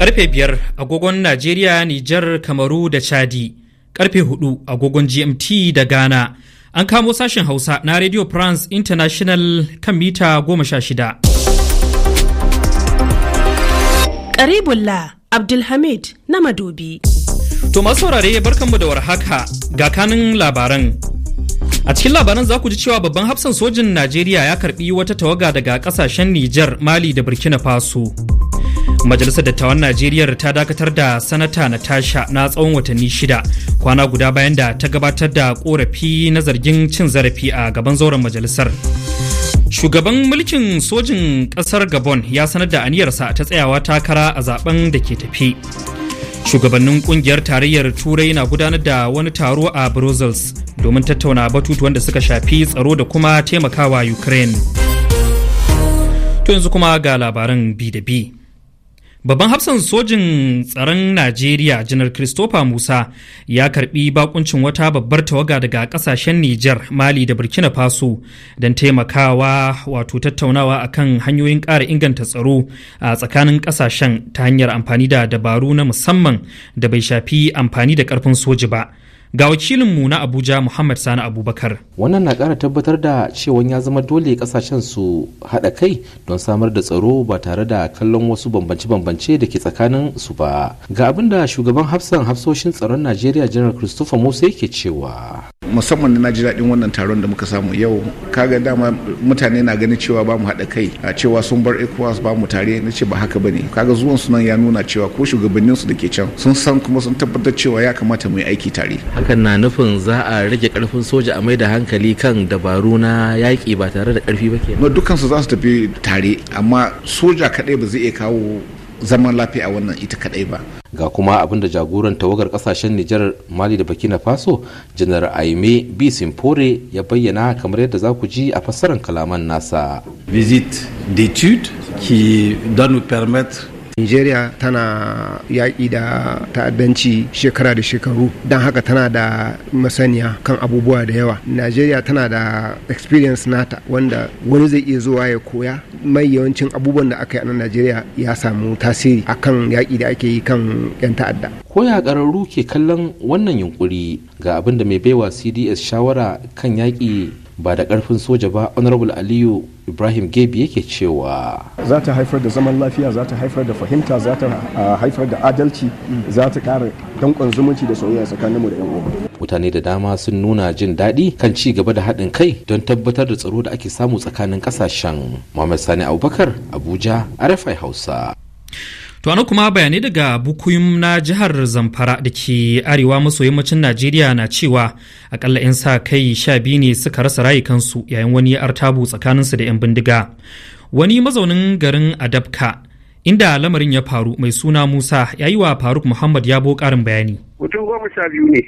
Karfe biyar agogon Najeriya, Nijar, Kamaru da Chadi. Karfe hudu agogon GMT da Ghana. An kamo sashen Hausa na Radio France International kan mita goma sha shida. Karibullah Abdulhamid na Madobi. To masu saurare barkanmu da warhaka ga kanin labaran. A cikin labaran za ku ji cewa babban hafsan sojin Najeriya ya karbi wata tawaga daga kasashen Nijar, Mali da Burkina Faso. Majalisar Dattawan Najeriya ta dakatar da Sanata Natasha na tsawon watanni shida kwana guda bayan da ta gabatar da korafi na zargin cin zarafi a gaban zauren majalisar. Shugaban mulkin sojin ƙasar Gabon ya sanar da aniyarsa ta tsayawa takara a zaben da ke tafi. Shugabannin kungiyar tarayyar Turai na gudanar da wani taro a Brussels domin tattauna batutuwan da suka shafi tsaro da kuma taimakawa Ukraine. To yanzu kuma ga labaran B da B. Babban hafsan sojin tsaron Najeriya janar Christopher Musa ya karbi bakuncin wata babbar tawaga daga kasashen Nijar, Mali da Burkina Faso don taimakawa wato tattaunawa akan hanyoyin ƙara inganta tsaro a tsakanin kasashen ta hanyar amfani da dabaru na musamman da bai shafi amfani da ƙarfin soji ba. Ga wakilinmu na Abuja Muhammad Sani Abubakar. Wannan na ƙara tabbatar da cewa ya zama dole kasashen su haɗa kai don samar da tsaro ba tare da kallon wasu bambance-bambance da ke tsakanin su ba. Ga abin da shugaban hafsan hafsoshin tsaron Najeriya Janar Christopher Musa yake cewa. musamman na ji daɗin wannan taron da muka samu yau kaga dama mutane na ganin cewa ba mu haɗa kai a cewa sun bar ecowas ba mu tare na ce ba haka ba ne kaga zuwan su nan ya nuna cewa ko shugabannin su da ke can sun san kuma sun tabbatar cewa ya kamata mu yi aiki tare hakan na nufin za a rage karfin soja a mai da hankali kan dabaru na yaƙi ba tare da ƙarfi ba ke dukkan su za su tafi tare amma soja kaɗai ba zai iya kawo zaman lafiya a wannan ita kaɗai ba ga kuma abinda jagoran tawagar kasashen nijar mali da burkina faso janar aime b simpore ya bayyana kamar yadda za ku ji a fassarar kalaman nasa visit d'étude qui doit nous permettre nigeria tana yaƙi da ta'addanci shekara da shekaru don haka tana da masaniya kan abubuwa da yawa nigeria tana da experience nata wanda wani zai iya zuwa ya koya mai yawancin abubuwan da aka yi a nigeria ya samu tasiri akan yaƙi da ake yi kan 'yan ta'adda koya ya ƙararru ke kallon wannan yunƙuri ga abin da mai baiwa cds shawara kan yaƙi ba da karfin soja ba honorable aliyu ibrahim gebi yake cewa za ta haifar da zaman lafiya za ta haifar da fahimta za ta haifar da adalci za ta kara dankon zumunci da soyayya tsakaninmu da yan uwa mutane da dama sun nuna jin daɗi kan ci gaba da haɗin kai don tabbatar da tsaro da ake samu tsakanin ƙasashen muhammad sani abubakar abuja rfi hausa To ana kuma bayanai daga bukuyum na jihar Zamfara da ke arewa maso yammacin Najeriya na cewa akalla 'yan sa kai sha biyu ne suka rasa rayukansu yayin wani artabu su da 'yan bindiga. Wani mazaunin garin Adabka inda lamarin ya faru mai suna Musa ya yi wa Faruk Muhammad ya bo karin bayani. Mutum goma sha biyu ne,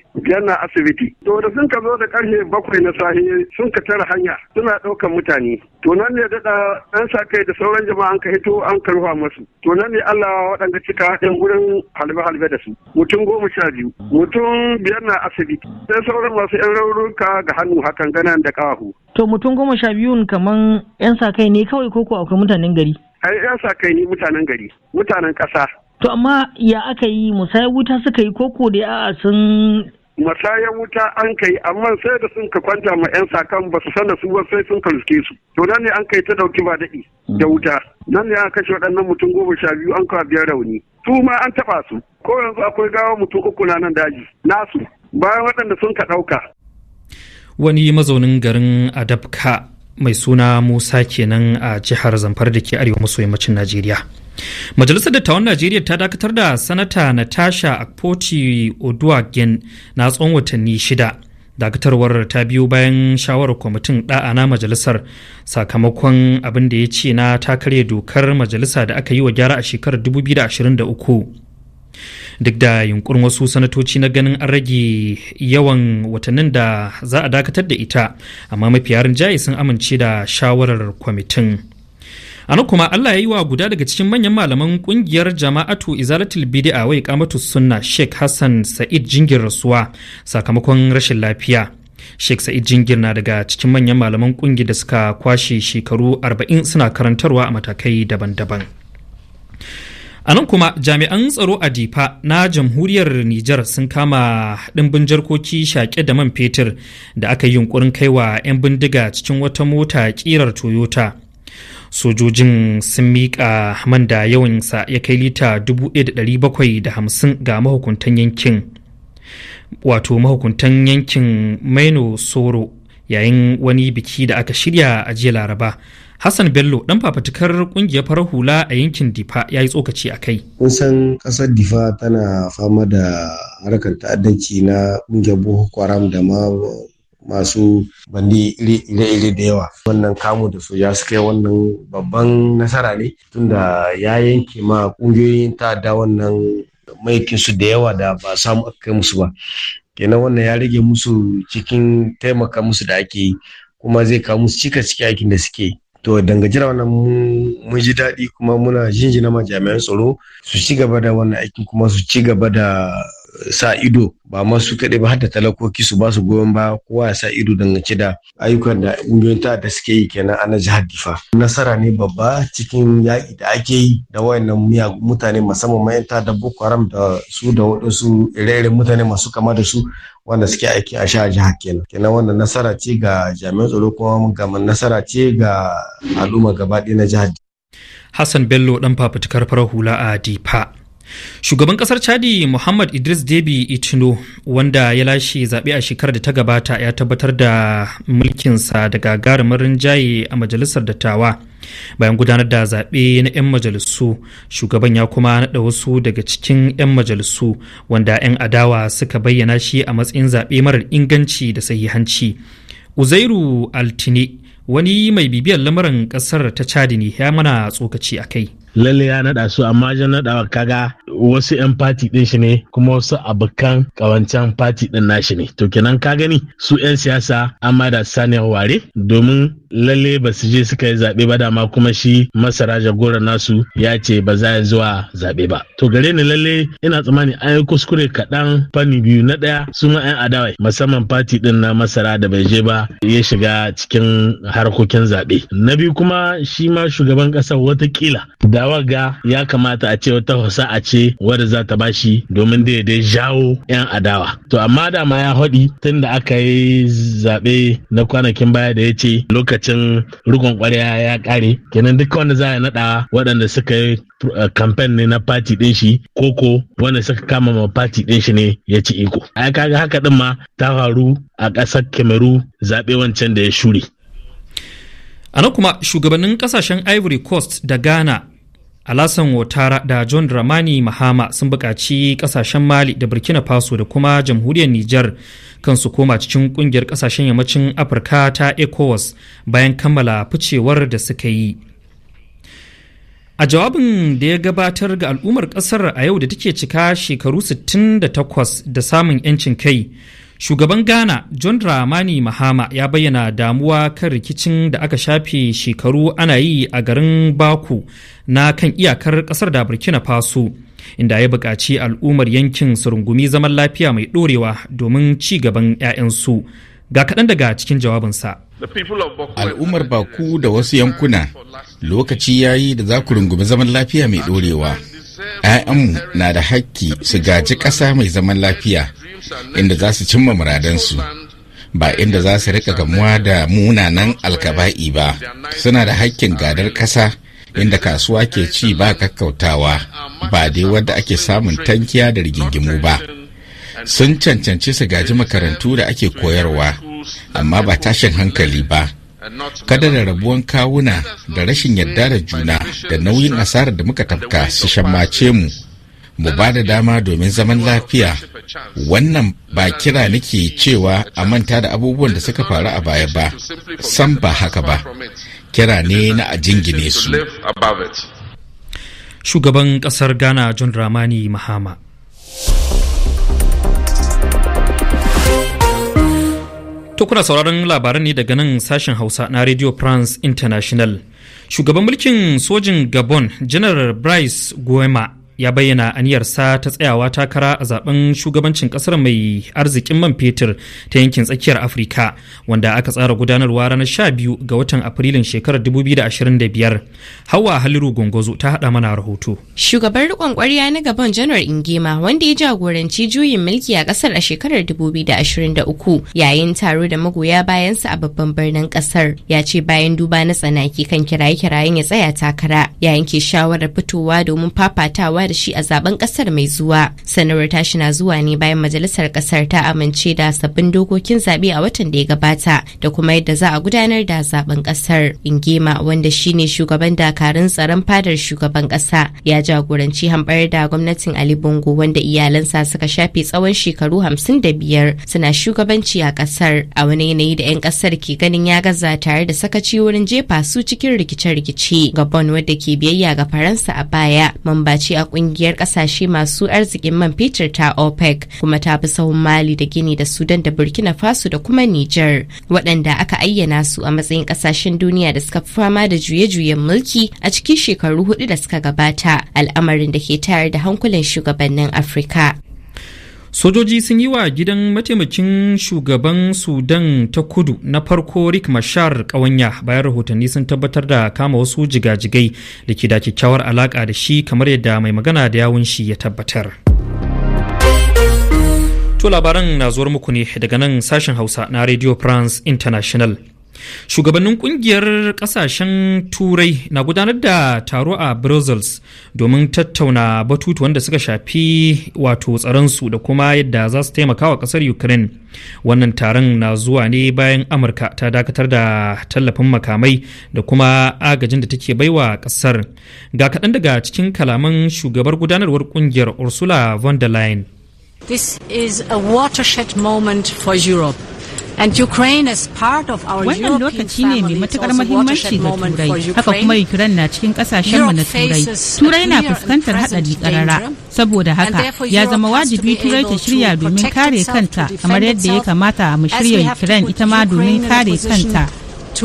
na asibiti. To da sun ka zo da karfe bakwai na safe sun ka tara hanya suna ɗaukan mutane. To nan ne daɗa ɗan sa kai da sauran jama'an ka hito an karfa masu. To nan ne Allah waɗanda cika ɗan wurin halbe-halbe da su. Mutum goma sha biyu. Mutum biyar na asibiti. Sai sauran masu ƴan raunuka ga hannu hakan ganan da ƙahu. To mutum goma sha biyun kaman ‘yan sa kai ne kawai koko akwai mutanen gari. ai ya sa kai ni mutanen gari mutanen ƙasa. to amma ya aka yi musayar wuta suka yi koko da a'a sun masayan wuta an kai amma sai da sun ka kwanta ma 'yan sakan ba su da su ba sai sun ka su to nan ne an kai ta dauki ba daɗi da mm. wuta nan ne an kashe waɗannan mutum goma sha biyu an kawo biyar rauni su ma an taɓa su ko yanzu akwai gawa mutum uku na nan daji nasu bayan waɗanda sun ka ɗauka. wani mazaunin garin adabka mai suna musa kenan a jihar zamfara da ke arewa maso yammacin najeriya majalisar dattawan najeriya ta dakatar da sanata natasha akpoti oduagen na tsawon watanni shida dakatarwar ta biyo bayan shawarar kwamitin ɗa'a na majalisar sakamakon abin da ya ce na ta karya dokar majalisa da aka yi wa gyara a shekarar 2023 duk da yunkurin wasu sanatoci na ganin an rage yawan watannin da za a dakatar da ita amma mafiya rinjaye sun amince da shawarar kwamitin a nan kuma Allah ya yi wa guda daga cikin manyan malaman kungiyar jama'atu izalatul bid'a wai kamatu sunna Sheikh Hassan Sa'id Jingir rasuwa sakamakon rashin lafiya Sheikh Sa'id Jingir na daga cikin manyan malaman kungiyar da suka kwashe shekaru 40 suna karantarwa a matakai daban-daban A nan kuma jami'an tsaro a Difa na jamhuriyar Nijar sun kama ɗimbin jarkoki shaƙe da man fetur da aka yi yunkurin kaiwa 'yan bindiga cikin wata mota ƙirar Toyota. Sojojin sun miƙa man da yawansa ya kai lita 1,750 ga mahukuntan yankin. Wato mahukuntan yankin Maino Soro yayin wani biki da aka shirya a jiya Laraba. Hassan Bello dan fafatukar kungiyar farar hula a yankin Difa ya yi tsokaci a kai. Kun san kasar Difa tana fama da harkar ta'addanci na kungiyar Boko Haram da ma masu bandi ire-ire da yawa. Wannan kamu da soja suka yi wannan babban nasara ne tunda ya yanke ma kungiyoyin ta'adda wannan su da yawa da ba samu aka kai musu ba. Kenan wannan ya rage musu cikin taimaka musu da ake yi kuma zai kawo musu cika ciki aikin da suke to dangance da wannan mun ji daɗi kuma muna jinjina ma jami'an tsaro su ci gaba da wannan aikin kuma su ci gaba da sa ido ba masu kaɗai ba hatta talakoki su ba su goyon ba kowa ya sa ido dangance da ayyukan da ƙungiyoyin ta da suke yi kenan a na jihar Difa. Nasara ne babba cikin yaƙi da ake yi da wayannan mutane musamman mayan da Boko Haram da su da waɗansu ire mutane masu kama da su wanda suke aiki a sha jihar kenan kenan wannan nasara ce ga jami'an tsaro kuma ga nasara ce ga al'umma gaba ɗaya na jihar hassan bello ɗan fafutukar farar hula a dipa Shugaban kasar Chadi Muhammad Idris debi itino wanda ya lashe zaɓe a shekarar da ta gabata ya tabbatar da mulkinsa daga gagarumin rinjaye a majalisar dattawa. Bayan gudanar da zaɓe na 'yan majalisu, shugaban ya kuma naɗa wasu daga cikin 'yan majalisu wanda 'yan adawa suka bayyana shi a matsayin zaɓe marar inganci da sahihanci. Uzairu Altine wani mai bibiyar lamarin ƙasar ta Chadi ne ya mana tsokaci a kai. lalle ya naɗa su amma jan naɗawa kaga wasu 'yan fati ɗin shi ne kuma wasu abokan ƙawancen fati ɗin nashi ne to kenan ka gani su 'yan siyasa amma da saniyar ware domin lalle ba su je suka yi zaɓe ba dama kuma shi masara jagora nasu ya ce ba za ya zuwa zaɓe ba to gare ni lalle ina tsammani an yi kuskure kaɗan fanni biyu na ɗaya su ma 'yan adawa musamman fati ɗin na masara da bai je ba ya shiga cikin harkokin zaɓe na biyu kuma shi ma shugaban ƙasar watakila dawa ga ya kamata a ce wata hausa a ce wadda za ta bashi domin daidai jawo 'yan adawa to amma dama ya haɗi tun da aka yi zaɓe na kwanakin baya da ya ce lokacin lokacin rikon kwarya ya kare kenan duk wanda za a naɗa waɗanda suka yi kamfen uh, ne na fati ɗin shi koko wanda suka kama ma fati ɗin shi ne ya ci iko a kaga haka ɗin ma ta faru a ƙasar kemeru zaɓe wancan da ya shure a nan kuma shugabannin ƙasashen ivory coast da ghana alasan watara da john dramani mahama sun buƙaci ƙasashen mali da burkina faso da kuma jamhuriyar nijar kan su koma cikin ƙungiyar ƙasashen yammacin afirka ta ecowas bayan kammala ficewar da suka yi a jawabin da ya gabatar ga al'ummar ƙasar a yau da take cika shekaru 68 da samun 'yancin kai Shugaban Ghana John ramani Mahama ya bayyana damuwa kan rikicin da aka shafe shekaru ana yi a garin Baku na kan iyakar kasar da Burkina Faso. Inda ya buƙaci al'ummar yankin su rungumi zaman lafiya mai ɗorewa domin ci gaban 'ya'yansu. Ga kaɗan daga cikin jawabinsa. Al'ummar Baku da wasu yankuna lokaci ya yi da za ku rungumi zaman lafiya mai ɗorewa. ‘Ya'yanmu na da hakki su gaji ƙasa mai zaman lafiya. inda za su cimma muradansu ba inda za su rika gamuwa da munanan alkaba'i ba suna da hakkin gadar kasa inda kasuwa ke ci ba kakkautawa ba dai wadda ake samun tankiya da rigingimu ba sun cancanci su gaji makarantu da ake koyarwa amma ba tashin hankali ba kada da rabuwan kawuna da rashin yarda da juna da nauyin asarar da muka tafka su shammace mu mu ba da dama domin zaman lafiya wannan ba kira nake cewa a manta da abubuwan da suka faru a baya ba san ba haka ba kira ne na a jingine su shugaban kasar ghana john ramani mahama To kuna sauraron labaran ne daga nan sashen Hausa na Radio France International. Shugaban mulkin sojin Gabon, Janar Bryce Guema ya bayyana aniyarsa ta tsayawa takara a zaben shugabancin kasar mai arzikin man fetur ta yankin tsakiyar afirka wanda aka tsara gudanarwa ranar 12 ga watan afrilun shekarar 2025 hawa haliru gongozo ta hada mana rahoto shugaban rikon kwarya na gaban janar ingema wanda ya jagoranci juyin mulki a kasar a shekarar 2023 yayin taro da magoya bayansa a babban birnin kasar ya ce bayan duba na tsanaki kan kiraye-kirayen ya tsaya takara yayin ke shawarar fitowa domin fafatawa amincewa da shi a zaben kasar mai zuwa. Sanarwar tashi na zuwa ne bayan majalisar kasar ta amince da sabbin dokokin zaɓe a watan da ya gabata da kuma yadda za a gudanar da zaben kasar. Ingema wanda shi ne shugaban dakarun tsaron fadar shugaban kasa ya jagoranci hambar da gwamnatin Ali Bongo wanda iyalansa suka shafe tsawon shekaru hamsin da biyar suna shugabanci a kasar a wani yanayi da 'yan kasar ke ganin ya gaza tare da sakaci wurin jefa su cikin rikice-rikice. Gabon wadda ke biyayya ga Faransa a baya mambaci a kungiyar kasashe masu arzikin man fetur ta OPEC kuma ta bi sahun Mali da Gini da Sudan da Burkina Faso da kuma Niger waɗanda aka ayyana su a matsayin kasashen duniya da suka fama da juye-juyen mulki a cikin shekaru hudu da suka gabata al'amarin da ke tayar da hankulan shugabannin Afirka. sojoji sun yi wa gidan mataimakin shugaban sudan ta kudu na farko rick mashar kawanya bayan rahotanni sun tabbatar da kama wasu jigajigai da ke da kyakkyawar alaka da shi kamar yadda mai magana da yawun shi ya tabbatar to labaran na zuwar muku ne daga nan sashen hausa na radio france international Shugabannin kungiyar kasashen Turai na gudanar da taro a Brussels domin tattauna batutu wanda suka shafi wato tsaronsu da kuma yadda za su taimaka wa kasar Ukraine. Wannan taron na zuwa ne bayan Amurka ta dakatar da tallafin makamai da kuma agajin da take baiwa kasar. Ga kaɗan daga cikin kalaman shugabar gudanarwar kungiyar Ursula von der Leyen. This is a watershed moment for Europe. Wannan lokaci ne mai matukar mahimmanci ga Turai, haka kuma Ukraine na cikin kasashen na Turai. Turai na fuskantar haɗari ƙarara, saboda haka ya zama wajibi Turai ta shirya domin kare kanta kamar yadda ya kamata mu shirya Ukraine ita ma domin kare kanta.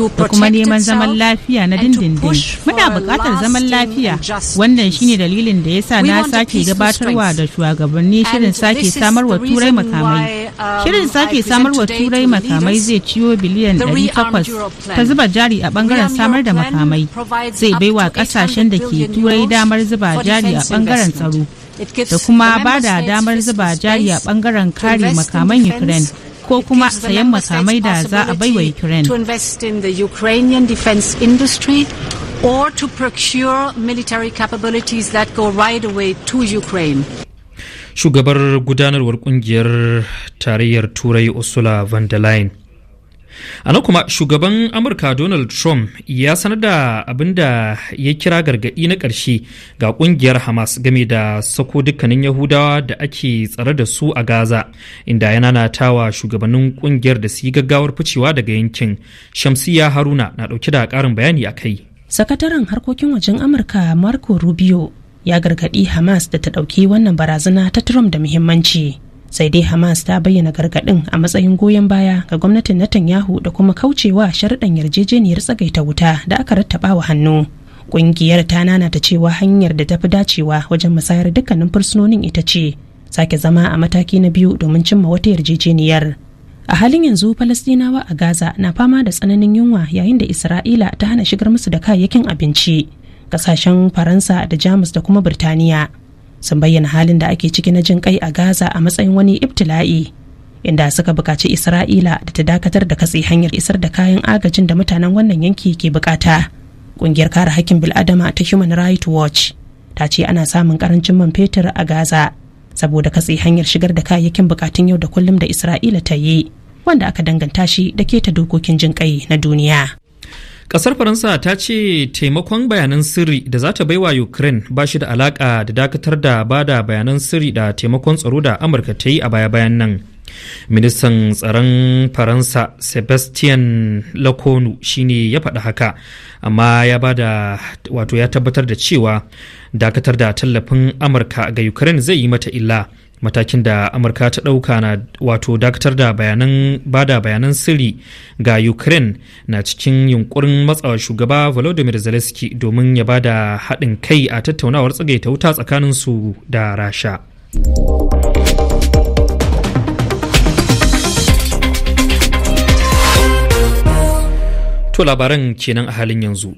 da kuma neman zaman lafiya na dindindin. Muna buƙatar zaman lafiya wannan shine dalilin da ya sa na sake gabatarwa da shugabanni shirin sake samarwa turai makamai. Um, shirin sake samarwa turai makamai zai ciwo biliyan 800 ta zuba jari a bangaren samar da makamai. Zai baiwa kasashen da ke turai damar zuba jari a bangaren tsaro. da kuma ba da damar zuba jari a bangaren kare makaman Ukraine. ko kuma sayan makamai da za a baiwa Ukraine. or to procure military capabilities that go right away to Ukraine. Shugabar gudanarwar kungiyar tarayyar Turai Ursula von der Leyen a nan kuma shugaban amurka donald trump ya sanar da abin da ya kira gargaɗi na ƙarshe ga ƙungiyar hamas game da sako dukkanin yahudawa da ake tsare da su a gaza inda ya wa shugabannin ƙungiyar da su yi gaggawar ficewa daga yankin shamsiya haruna na ɗauke da ƙarin bayani a kai sakataren harkokin wajen amurka marco rubio ya gargaɗi hamas da ta ɗauki wannan barazana ta trump da muhimmanci sai dai hamas ta bayyana gargaɗin a matsayin goyon baya ga gwamnatin netanyahu da kuma kaucewa sharɗan yarjejeniyar tsagaita wuta da aka rattaba wa hannu ƙungiyar ta nanata cewa hanyar da ta fi dacewa wajen musayar dukkanin fursunonin ita ce sake zama a mataki na biyu domin cimma wata yarjejeniyar a halin yanzu falastinawa a gaza na fama da tsananin yunwa yayin da isra'ila ta hana shigar musu da kayayyakin abinci kasashen faransa da jamus da kuma birtaniya sun bayyana halin da ake ciki na jin kai a gaza a matsayin wani ibtila'i inda suka buƙaci isra'ila da ta dakatar da katse hanyar isar da kayan agajin da mutanen wannan yanki ke bukata ƙungiyar kare hakkin bil'adama ta human rights watch ta ce ana samun ƙarancin man fetur a gaza saboda katse hanyar shigar da kayayyakin bukatun yau da kullum da isra'ila ta yi wanda aka danganta shi da keta dokokin jin kai na duniya Kasar Faransa ta ce taimakon bayanan sirri da za ta baiwa Ukraine ba shi da alaka da dakatar da bada bayanan sirri da taimakon tsaro da Amurka ta yi a baya-bayan nan. Ministan tsaron Faransa Sebastian lakonu shine ya faɗi haka, amma ya bada wato ya tabbatar da cewa dakatar da tallafin Amurka ga Ukraine zai yi mata illa. matakin da amurka ta ɗauka na wato dakatar da bayanan bada bayanan sirri ga ukraine na cikin yunkurin matsawa shugaba volodymyr zelensky domin ya bada haɗin kai a tattaunawar tsagaita wuta tsakanin su da rasha to labaran kenan a halin yanzu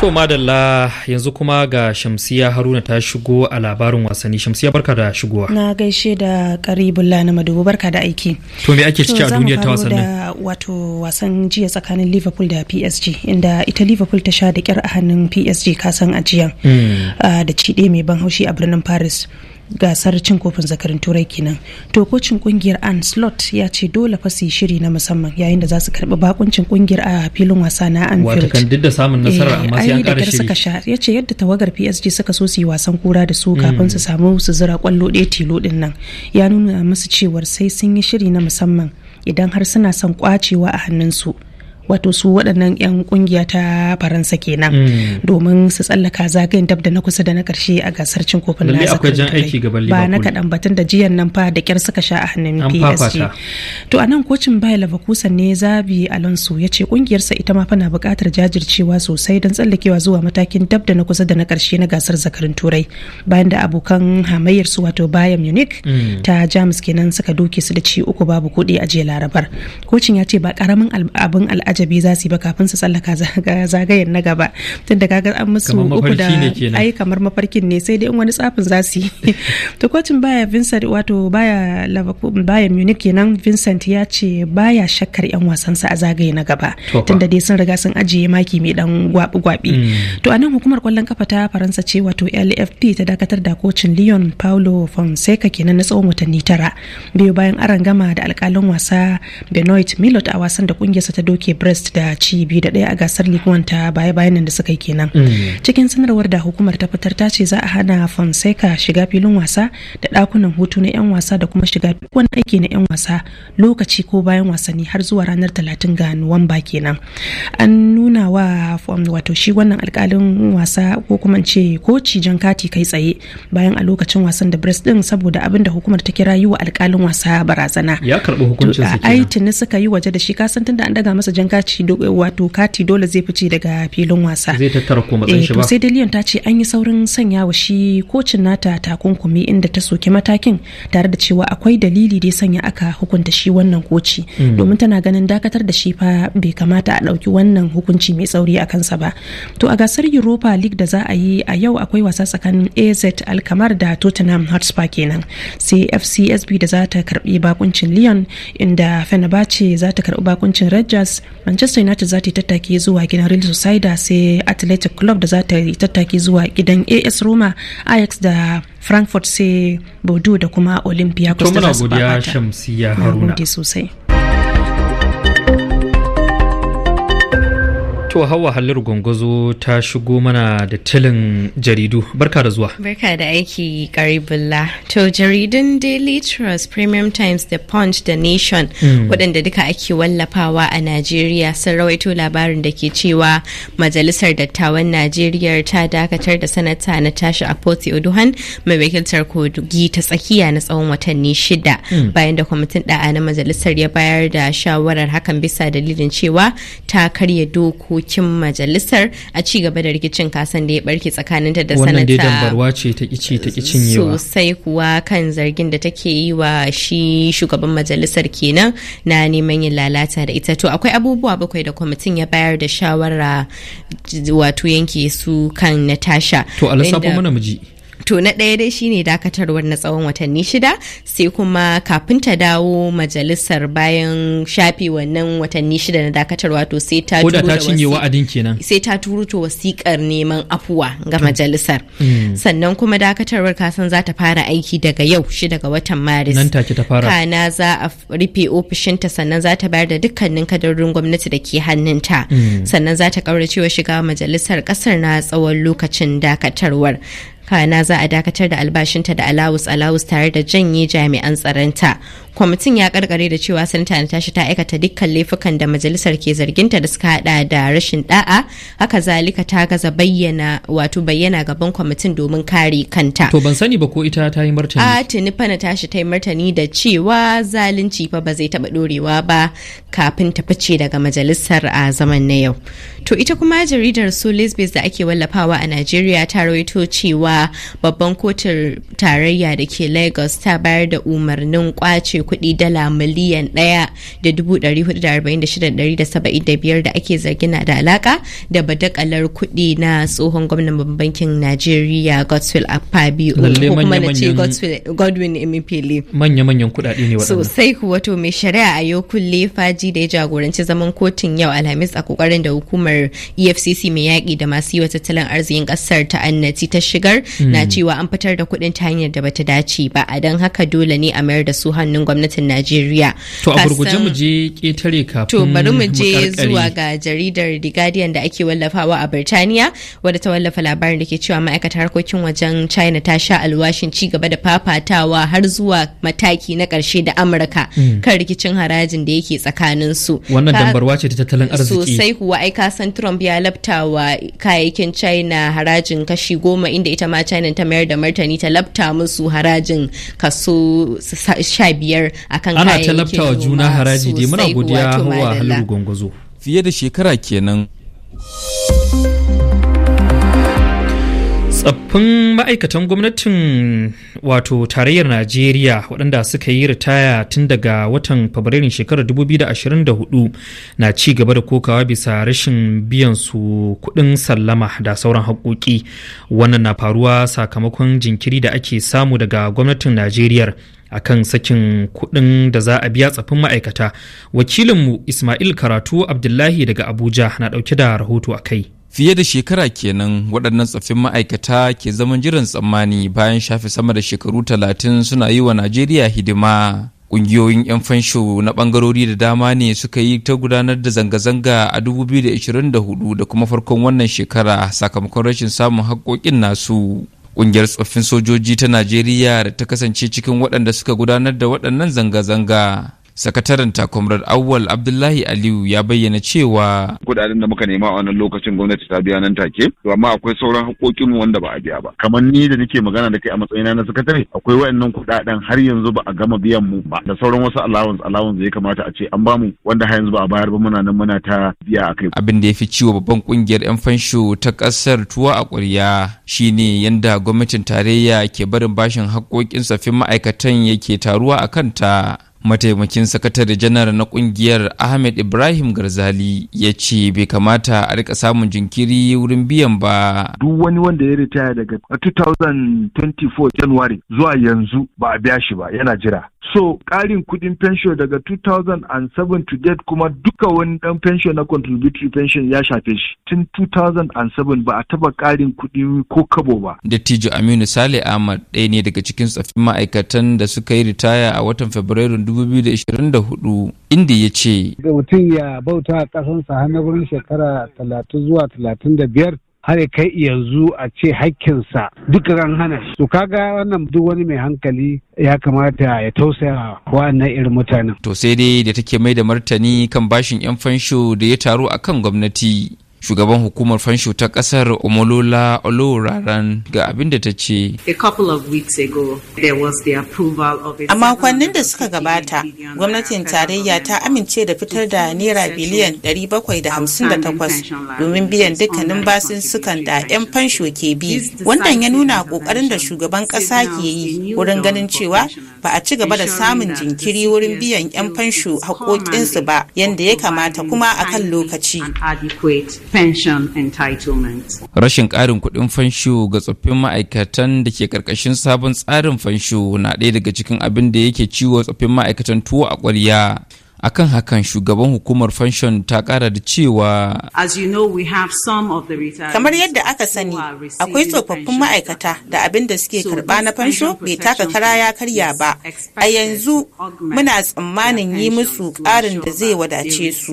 To madalla yanzu kuma ga Shamsiya Haruna ta shigo a labarin wasanni. Shamsiya barka da shigowa. Na gaishe da Karibullah na Madubu barka da aiki. To me ake ciki a duniyar ta wasannin? Wato wasan jiya tsakanin Liverpool da PSG inda ita Liverpool ta sha da kyar a hannun PSG kasan ajiyan mm. ah, da ciɗe mai ban haushi a birnin Paris. gasar cin kofin zakarin turai kenan to kocin kungiyar an slot ya ce dole fa su yi shiri na musamman yayin da za su karbi bakuncin kungiyar a filin wasa na anfield wato kan duk da samun nasara eh, amma sai an kara suka sha ya ce yadda tawagar psg suka so su yi wasan kura da su mm. kafin su samu su zira kwallo ɗaya tilo din nan ya nuna musu cewar sai sun yi shiri na musamman idan har suna son kwacewa a hannun su wato su waɗannan 'yan ƙungiya ta faransa kenan mm. domin su tsallaka zagayen dab da na kusa da na karshe a gasar cin kofin na akwai jan ba na kaɗan batun da jiyan nan fa da kyar suka sha a hannun psg to a nan kocin bayer leverkusen ne zabi alonso ya ce kungiyarsa ita ma fana buƙatar jajircewa sosai don tsallakewa zuwa matakin dab da na kusa da na karshe na gasar zakarin turai bayan da abokan hamayyar su wato bayan munich mm. ta jamus kenan suka doke su da ci uku babu kuɗi a jiya larabar kocin ya ce ba ƙaramin abin al'ada. al'ajabi za su yi ba kafin su tsallaka zagayen na gaba tun da kaga an musu uku da ai kamar mafarkin ne sai dai in wani tsafin za su yi to kocin baya Vincent wato baya baya Munich kenan Vincent ya ce baya shakkar yan wasansa a zagaye na gaba tun da dai sun riga sun ajiye maki mai dan gwabi gwabi hmm. to anan hukumar kwallon kafa ta Faransa ce wato LFP ta dakatar da kocin Lyon Paulo Fonseca kenan na tsawon watanni tara biyu bayan aran gama da alkalin wasa Benoit Milot a wasan da kungiyarsa ta doke brest da ci biyu da ɗaya a gasar likuwan ta baya bayan da suka yi kenan mm. cikin sanarwar da hukumar ta fitar ta ce za a hana fonseca shiga filin wasa da ɗakunan hutu na 'yan wasa da kuma shiga duk wani aiki na 'yan wasa lokaci ko bayan wasanni har zuwa ranar 30 ga nuwamba kenan an nuna wa um, wato shi wannan alkalin wasa ko kuma ce koci jan kati kai tsaye bayan a lokacin wasan da Brest din saboda abin da hukumar ta kira yi wa alkalin wasa barazana ya karbi hukuncin sa ai tuni suka yi waje da shi kasan tunda an daga masa jan kati wato kati dole zai fice daga filin wasa zai tattara ko matsayin eh, shi ba sai dai Leon ta ce an yi saurin sanya wa shi kocin nata takunkumi inda ta soki matakin tare da cewa akwai dalili da ya sanya aka hukunta shi wannan koci hmm. domin tana ganin dakatar da shi fa bai kamata a ɗauki wannan hukunci hukunci mai tsauri a kansa ba to a gasar europa league da za a yi a yau akwai wasa tsakanin az alkamar da tottenham hotspur kenan sai fcsb da za ta karbi bakuncin lyon inda fenerbahce za ta karbi bakuncin rangers manchester united za ta yi tattaki zuwa gidan real sociedad sai athletic club da za ta yi tattaki zuwa gidan as roma ajax da frankfurt sai bordeaux da kuma olympiacos da za su haruna sosai To hawa hallar gwangwazo ta shigo mana da tilin jaridu. Barka da zuwa. Barka da aiki karibulla. To jaridun Daily Trust, Premium Times, The Punch, The Nation mm. waɗanda duka ake wallafawa a Najeriya sun rawaito labarin da ke cewa Majalisar Dattawan Najeriya ta dakatar da sanata na tashi a Oduhan mai wakiltar kogi ta tsakiya na tsawon watanni shida mm. bayan da kwamitin ɗa'a na majalisar ya bayar da shawarar hakan bisa dalilin cewa ta karya doko aikin majalisar a ci gaba da rikicin kasan da ya barke ta da sanata wannan ta sosai kuwa kan zargin da take yi wa shi shugaban majalisar kenan na neman yin lalata da ita to akwai abubuwa bakwai da kwamitin ya bayar da shawara wato yanke su kan Natasha to alasabo mana miji to na ɗaya dai shine dakatarwar na tsawon watanni shida sai kuma kafin ta dawo majalisar bayan shafi wannan watanni shida na dakatarwa to sai ta turo ta cinye wa'adin kenan sai ta turo to wasikar neman afuwa ga mm. majalisar mm. sannan kuma dakatarwar san za ta fara aiki daga yau shi daga watan maris nan take ta fara kana za a rufe ofishin ta sannan za ta bayar da dukkanin kadarin gwamnati da ke hannunta mm. sannan za ta kaurace wa shiga majalisar kasar na tsawon lokacin dakatarwar kana za a dakatar da albashinta da alawus alawus tare da janye jami'an tsaronta kwamitin ya karkare da cewa sanata natasha ta aikata dukkan laifukan da majalisar ke zarginta da suka hada da rashin da'a haka zalika ta gaza bayyana wato bayyana gaban kwamitin domin kare kanta to ban sani ba ko ita ta yi martani a tuni fa tashi ta yi martani da cewa zalunci fa ba zai taba dorewa ba kafin ta fice daga majalisar a zaman na yau to ita kuma jaridar su lesbis da ake wallafawa a najeriya ta rawaito cewa babban kotun tarayya da ke lagos ta bayar da umarnin kwace kuɗi dala miliyan ɗaya da dubu ɗari hudu da arba'in da shida ɗari da saba'in da biyar da ake zargin na da alaka da badakalar kuɗi na tsohon gwamnan bankin Najeriya Godswill Akpabio ko kuma na ce Godwin Emipele. Manya-manyan kuɗaɗe ne waɗannan. Sosai kuwa to mai shari'a a kulle Faji da ya jagoranci zaman kotun yau Alhamis a kokarin da hukumar EFCC mai yaƙi da masu yi wa tattalin arzikin ƙasar ta annati ta shigar na hmm. cewa an fitar da kuɗin ta hanyar da bata dace ba a don haka dole ne a mayar da su hannun gwamnati gwamnatin Najeriya. To a gurguje mu je ketare kafin To bari mu je zuwa ga jaridar The Guardian da ake wallafawa a Birtaniya wadda ta wallafa labarin da ke cewa ma'aikatar harkokin wajen China ta sha alwashin ci gaba da fafatawa har zuwa mataki na karshe da Amurka mm. kan rikicin harajin da yake tsakanin su. Wannan dambarwa ce ta tattalin arziki. Sosai kuwa ai san Trump ya labtawa kayayyakin China harajin kashi goma inda ita ma China ta mayar da martani ta labta musu harajin kaso sha biyar akan ana talabtawa juna haraji dai muna godiya hawa halin gwangwazo fiye da shekara kenan tsaffin ma'aikatan gwamnatin wato tarayyar najeriya waɗanda suka yi ritaya tun daga watan fabrairun shekarar 2024 na ci gaba da kokawa bisa rashin biyan su kuɗin sallama da sauran haƙoƙi wannan na faruwa sakamakon jinkiri da ake samu daga gwamnatin najeriya a kan sakin kuɗin da za a biya tsafin ma'aikata wakilinmu ismail karatu abdullahi daga abuja na ɗauke da rahoto a kai fiye da shekara kenan waɗannan tsaffin ma'aikata ke zaman jiran tsammani bayan shafe sama da shekaru talatin suna yi wa najeriya hidima Ƙungiyoyin 'yan fansho na ɓangarori da dama ne suka yi ta gudanar da zanga-zanga a 2024 da kuma farkon wannan shekara sakamakon rashin samun haƙoƙin nasu. Ƙungiyar tsoffin sojoji ta Najeriya da ta kasance cikin waɗanda suka gudanar da waɗannan zanga-zanga sakataren takwamrar awwal abdullahi aliyu ya bayyana cewa kudaden da muka nema a wannan lokacin gwamnati ta biya nan take to amma akwai sauran haƙoƙin wanda ba a biya ba kamar ni da nake magana da kai a matsayina na sakatare akwai wayannan kudaden har yanzu ba a gama biyan mu ba da sauran wasu allowance allowance ya kamata a ce an bamu wanda har yanzu ba a bayar ba muna nan muna ta biya a kai abin da ya fi ciwo babban kungiyar yan fansho ta kasar tuwa a ƙurya shine yanda gwamnatin tarayya ke barin bashin hakokin safin ma'aikatan yake taruwa a kanta mataimakin sakatare janar na kungiyar ahmed ibrahim garzali ya ce bai kamata a rika samun jinkiri wurin biyan ba duk wani wanda ya ritaya daga 2024 january zuwa yanzu ba a biya shi ba yana jira so ƙarin kudin pension daga 2007 to date kuma duka wani dan pension na contributory pension ya shafe shi tun 2007 ba a taba ƙarin kudi ko kabo ba dattijo aminu sale ahmad ɗaya ne daga cikin tsafin ma'aikatan da suka yi ritaya a watan fabrairun 2024 inda ya ce. Da mutum ya bauta a ƙasansa har na wurin shekara 30 zuwa 35 har ya kai yanzu a ce haƙƙinsa duka ran hana shi. To kaga wannan duk wani mai hankali ya kamata ya tausaya wa na irin mutanen. To sai dai da take mai da martani kan bashin 'yan fansho da ya taru kan gwamnati. shugaban hukumar fansho ta kasar omolola oloraran ga abin da ta ce a makonnin da suka gabata gwamnatin tarayya ta amince da fitar da naira biliyan 758 domin biyan dukkanin basin sukan da 'yan fansho ke bi wannan ya nuna kokarin da shugaban kasa ke yi wurin ganin cewa ba a ci gaba da samun jinkiri wurin biyan 'yan fansho haƙoƙinsu ba yadda ya kamata kuma a kan lokaci pension entitlement. Rashin ƙarin kuɗin fansho ga tsoffin ma'aikatan da ke ƙarƙashin sabon tsarin fansho na ɗaya daga cikin abin da yake ciwo tsoffin ma'aikatan tuwo a ƙwarya. akan hakan shugaban hukumar fanshon ta kara da cewa kamar yadda aka sani akwai tsofaffin ma'aikata da abin da suke karba na fansho bai taka kara ya karya ba a yanzu muna tsammanin yi musu karin da zai wadace su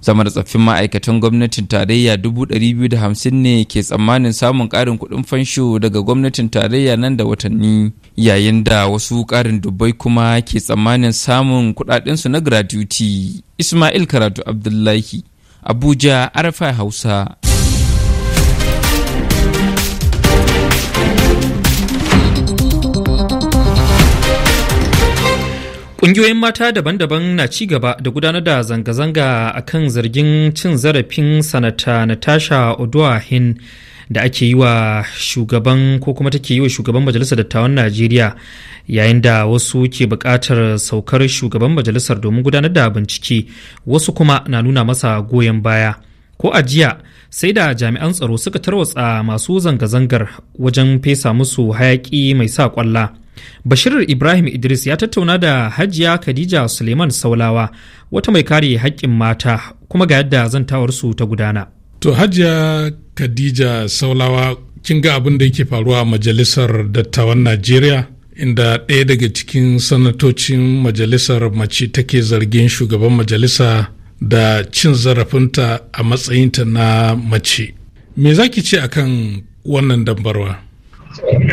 sama tsaffin ma'aikatan gwamnatin tarayya 250 ne ke tsammanin samun karin kuɗin fansho daga gwamnatin tarayya nan da watanni yayin da wasu karin dubbai kuma ke tsammanin samun kuɗin kuɗaɗensu na gratuity ismail karatu abdullahi abuja arafa hausa Ƙungiyoyin mata daban-daban na ci gaba da gudanar da zanga-zanga a kan zargin cin zarafin sanata Natasha Oduahin da ake yi wa shugaban ko kuma take yi wa shugaban Majalisar Dattawan Najeriya yayin da wasu ke buƙatar saukar shugaban majalisar domin gudanar da bincike wasu kuma na nuna masa goyon baya ko a jiya sai da jami'an tsaro suka tarwatsa masu zanga-zangar wajen fesa musu hayaƙi mai sa ƙwalla bashir ibrahim idris ya tattauna da hajiya khadija suleiman saulawa wata mai kare haƙƙin mata kuma ga yadda zan zantawarsu ta gudana to hajiya khadija saulawa kin ga abin da yake faruwa a majalisar dattawan najeriya inda ɗaya daga cikin sanatocin majalisar mace take zargin shugaban majalisa da cin zarafinta a matsayinta na mace me za ki ce akan wannan dambarwa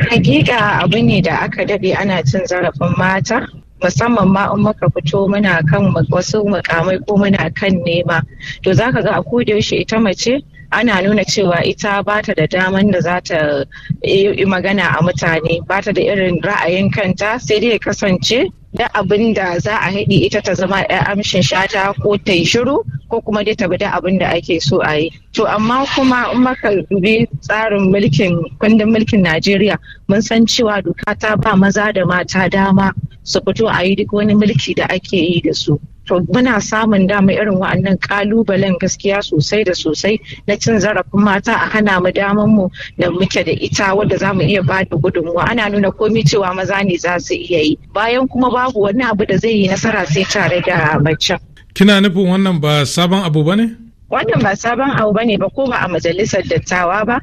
hakika abu ne da aka daɗe ana cin zarafin mata musamman ma in muka fito muna kan wasu mukamai ko muna kan nema to za ka ga a koda yaushe ita mace ana nuna cewa ita ba ta da daman da za ta yi magana a mutane ba ta da irin ra'ayin kanta sai dai kasance da abin da za a haɗi ita ta zama ɗaya amshin shata ko ta yi shiru ko kuma dai ta da abin da ake so a yi. To amma kuma in maka dubi tsarin mulkin kundin mulkin Najeriya mun san cewa doka ta ba maza da mata dama su fito a yi duk wani mulki da ake yi da su. to muna samun dama irin wa'annan kalubalen gaskiya sosai da sosai na cin zarafin mata a hana mu daman mu da muke da ita wadda za iya ba da gudunmuwa ana nuna komai cewa maza ne za su iya yi bayan kuma babu wani abu da zai yi nasara sai tare da mace. kina nufin wannan ba sabon abu ba ne? wannan ba sabon abu ba ne ba ko ba a majalisar dattawa ba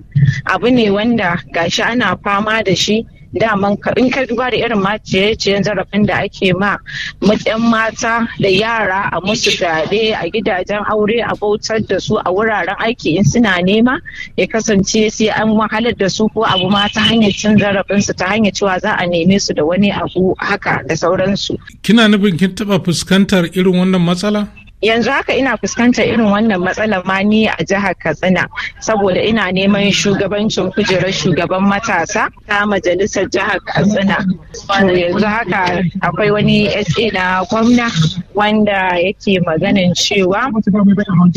abu ne wanda gashi ana fama da shi daman in ka duba da irin maciye ciyen zarafin da ake ma matsayin mata da yara a musu fyaɗe a gidajen aure a bautar da su a wuraren aiki in suna nema ya kasance sai an wahalar da su ko abu ma ta hanyar cin zarafin su ta hanyar cewa za a neme su da wani abu haka da sauransu. Kina nufin kin taɓa fuskantar irin wannan matsala? yanzu haka ina fuskantar irin wannan matsala ma ni a jihar katsina saboda ina neman shugabancin kujerar shugaban matasa ta majalisar jihar katsina to yanzu haka akwai wani sa na gwamna wanda yake maganin cewa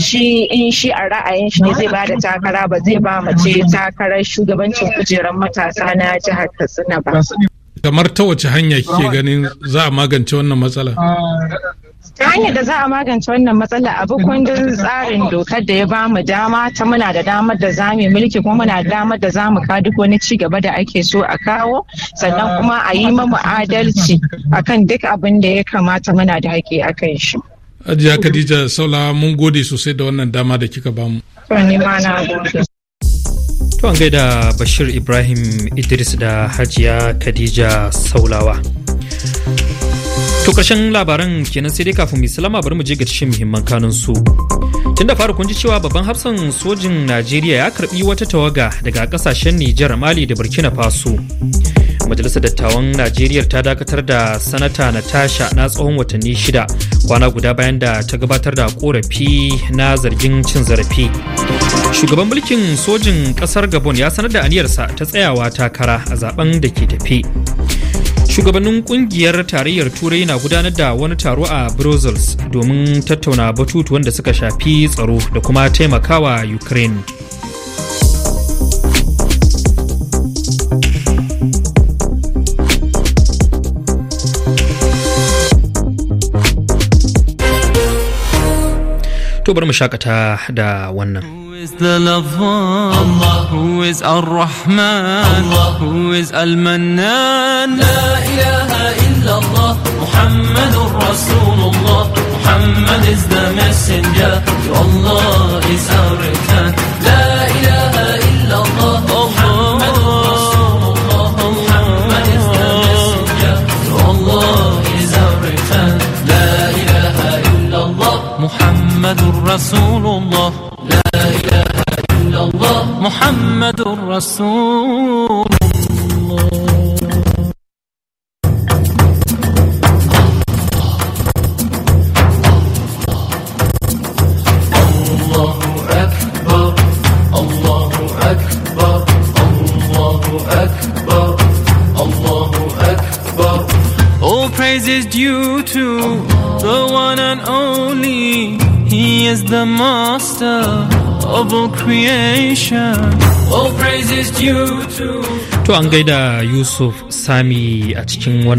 shi in shi a ra'ayin shi ne zai ba da takara ba zai ba mace takarar shugabancin kujerar matasa na jihar katsina ba kamar ta wace hanya kike ganin za a magance wannan matsala ah, ta hanyar da za a magance wannan matsala a kundin tsarin dokar da ya bamu dama ta muna da damar da za mu mulki kuma muna da damar da za mu ka duk wani ci gaba da ake so a kawo sannan kuma a yi mamu adalci akan duk abin da ya kamata muna da haƙƙi a kan shi. Ajiya Khadija Saula mun gode sosai da wannan dama da kika bamu. To To an gaida Bashir Ibrahim Idris da Hajiya Khadija Saulawa. To karshen labaran kenan sai dai kafin mu salama bari mu je ga cikin muhimman kanun su. Tun da fara kun ji cewa babban hafsan sojin Najeriya ya karbi wata tawaga daga ƙasashen Nijar, Mali da Burkina Faso. Majalisar Dattawan Najeriya ta dakatar da Sanata Natasha na tsawon watanni shida kwana guda bayan da ta gabatar da korafi na zargin cin zarafi. Shugaban mulkin sojin ƙasar Gabon ya sanar da aniyarsa ta tsayawa takara a zaben da ke tafi. shugabannin kungiyar tarayyar turai na gudanar da wani taro a brussels domin tattauna batutuwan da suka shafi tsaro da kuma taimakawa ukraine to bari mu shakata da wannan تلفظ الله هو الرحمن الله هو المنان لا اله الا الله محمد رسول الله محمد از ذا الله از رسول To an gaida Yusuf Sami a cikin wannan